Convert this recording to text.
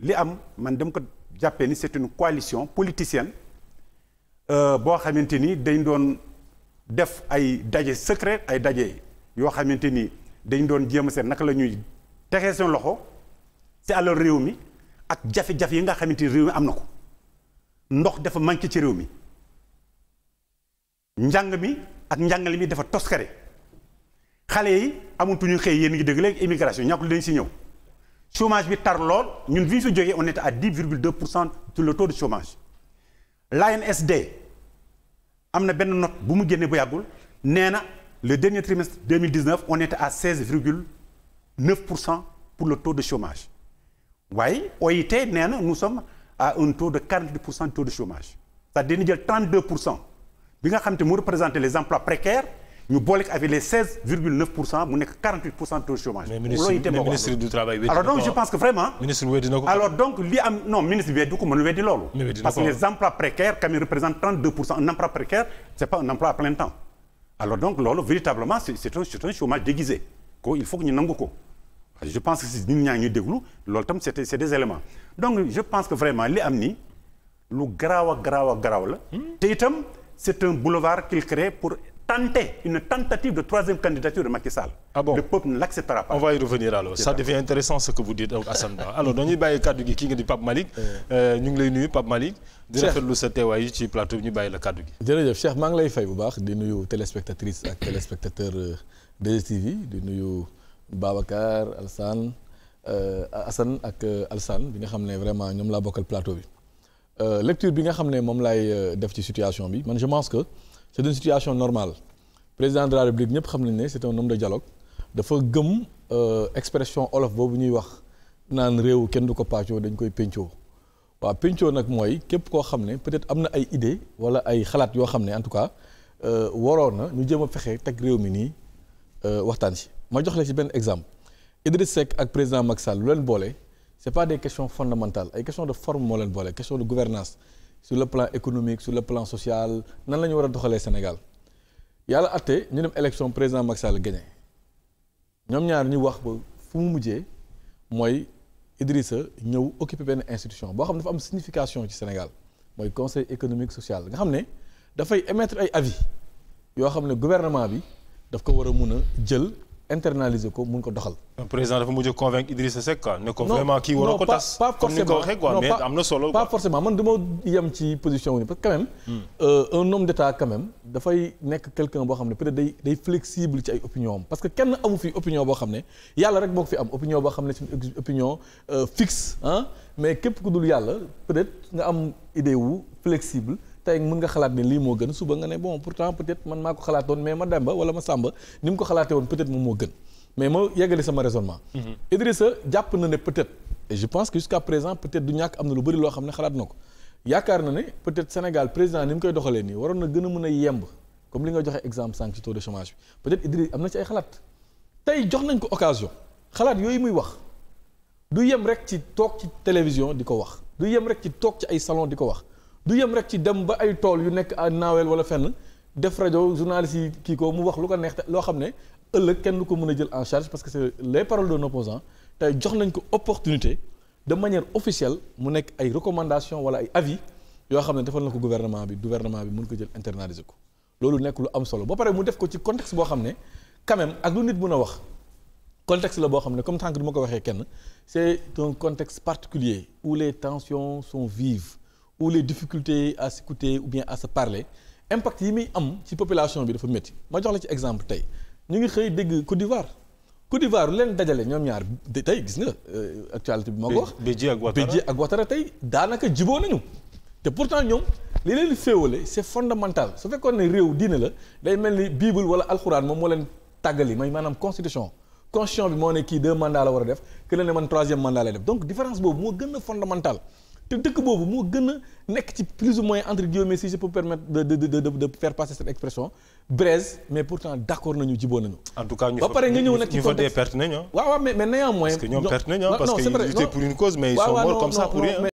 li am man dama ko jàppee ni c'est une coalition politicienne euh, boo xamante ni dañ doon def ay daje secret ay daje yoo xamante ni dañ doon jéem a seet naka la ñuy texee seen loxo ci alal réew mi ak jafe-jafe yi nga xamante ni réew mi am na ko ndox dafa manqué ci réew mi njàng mi ak njàngale mi dafa toskare xale yi amatuñu xëy yéen ngi dégg léegi immigration ñàkkul dañ si ñëw chômage bi tar lool ñun bi ñu fi jógee on était à 10 virgule 2 pour cent sur le taux de chômage l'ANSD am na benn note bu mu génne bu yàggul nee na le dernier trimestre 2019 on était à 16 virgule 9 pour cent pour le taux de chômage waaye OIT nee na nous sommes à un taux de 48 pour cent de taux de chômage c'est-à-dire dañu jël pour cent bi nga xam te mu représenter les emplois précaires ñu boole ko avec mu nekk de taux de chômage. loolu itam mais ministre du travail alors donc je pense que vraiment. ministre weddi na alors donc li am non ministre bi weddi ko mën weddi loolu. parce que les emplois précaires quand même représentent trente deux pour pas un emploi à plein temps. alors donc loolu véritablement c' un chômage déguisé ko il faut que ñu nangu ko. je pense que vraiment li am nii lu garaaw a garaaw a garaaw la. Hmm? te tenter une tentative de troisième candidature de Macky Sall. ah bon le peuple ne l'acceptera pas. on va y revenir alors ça devient intéressant ce que vous dites donc Assane Ba alors dañuy bàyyi kàddu gi kii nga di Pape Malick. Euh, ñu ngi lay nuyu Pape Malick. di rafetlu sa teewaay ci plateau bi ñu bàyyi la kàddu gi. jërëjëf Cheikh maa ngi lay fay bu baax di nuyu téléspectatrice ak téléspectateur 2STV euh, di nuyu Babacar Alsane euh, Assane ak Alsane bi nga xam ne vraiment ñoom laa bokkal plateau bi lecture bi nga xam ne moom laay def ci situation bi man je pense que. c'est une situation normale président de la république ñëpp xam nañ ne c'est un homme de dialogue dafa gëm euh, expression olof boobu ñuy wax naan réew kenn du ko paccoo dañ koy pencoo waaw pencoo nag mooy képp koo xam ne peut-être am na ay idée wala ay xalaat yoo xam ne en tout cas euh, waroon na ñu jéem a fexe teg réew mi nii euh, waxtaan si ma jox la ci benn exemple Idriss Seck ak président Macky lu leen boole c'est pas des questions fondamentales ay questions de forme boole question de sur le plan économique su le plan social nan la ñu war a doxalee Sénégal yàlla atte ñu dem élection président Macky Sall gagné ñoom ñaar ñuy wax ba fu mu mujjee mooy Idrissa ñëw occupé benn institution boo xam ne dafa am signification ci Sénégal mooy conseil économique social nga xam ne dafay émettre ay avis yoo xam ne gouvernement bi daf ko war a mun a jël internaliser ko mun ko doxal. président dafa mujj a convaincre Idrissa Seck quoi ne ko kii waroo ko tas pas forcément non mais am na solo yem ci position wu ni parce que hmm. euh, un boo xam ne peut-être day day flexible ci kenn amu fi opinion boo xam ne yàlla rek moo ko fi am opinion boo xam ne c'est opinion euh, fixe mais képp ku dul yàlla peut nga am idée wu flexible. tey mën nga xalaat ne lii moo gën suba nga ne bon pourtant peut-être man maa ko xalaatoon mais ma Demba wala ma Samba ni mu ko xalaatee woon peut-être moo gën mais ma yeggali sama raisonnement. Mm-hmm. Idrissa jàpp na ne peut-être je pense que jusqu'à présent peut-être du na lu bari loo xam ne xalaat na ko président ni mu koy doxalee nii waroon na gën a mën a yemb comme li nga joxe exemple sànq ci taux de chômage bi peut-être am na ci ay xalaat tey jox nañ ko occasion xalaat yooyu muy wax du yem rek ci toog ci télévision di ko wax du yem rek ci toog ci ay salon di ko wax. du yem rek ci dem ba ay tool yu nekk à naaweel wala fenn def rajo journaliste kii ko mu wax lu ko neexte loo xam ne ëllëg kenn lu ko mën a jël en charge parce que c'est les paroles d'un opposant tey jox nañ ko opportunité de manière officielle mu nekk ay wala ay avis yoo xam ne defal na ko gouvernement bi gouvernement bi mën ko jël internaliser ko loolu nekk lu am solo pare mu def ko ci contexte boo xam ne quand même ak a wax contexte la boo xam ne comme tant que ko waxee kenn c'est un contexte particulier où les tensions sont vives ou les difficultés à s'écouter ou bien à se parler impact yi muy am ci population bi dafa métti ma jox la ci exemple tey ñu ngi xëy dégg Côte d'Ivoire Côte d'Ivoire leen dajale ñoom ñaar tey gis nga euh, actualité bi moo ko wax Béji ak Ouattara Béji ak Ouattara tey daanaka jiboo nañu te pourtant ñoom li leen féewale c'est fondamental su fekkoon ne réew diine la day mel ni bible wala alxuraan moom moo leen tàggali may maanaam constitution constitution bi moo ne kii deux mandats la war a def que leen ne man troisième mandat lay def donc différence boobu moo a fondamental te dëkk boobu moo gën a nekk ci plus ou moins entre guillemets si je permettre de de de de de passer cette expression braise mais pourtant d' nañu jiboo nañu. en tout cas ba pare nga ñëw nag ñu fa dee perte nañu waaw ah. waaw mais mais néanmoins. parce que ñoom perte nañu ah, parce que ils étaient pour une cause mais ils sont morts comme ça pour rien.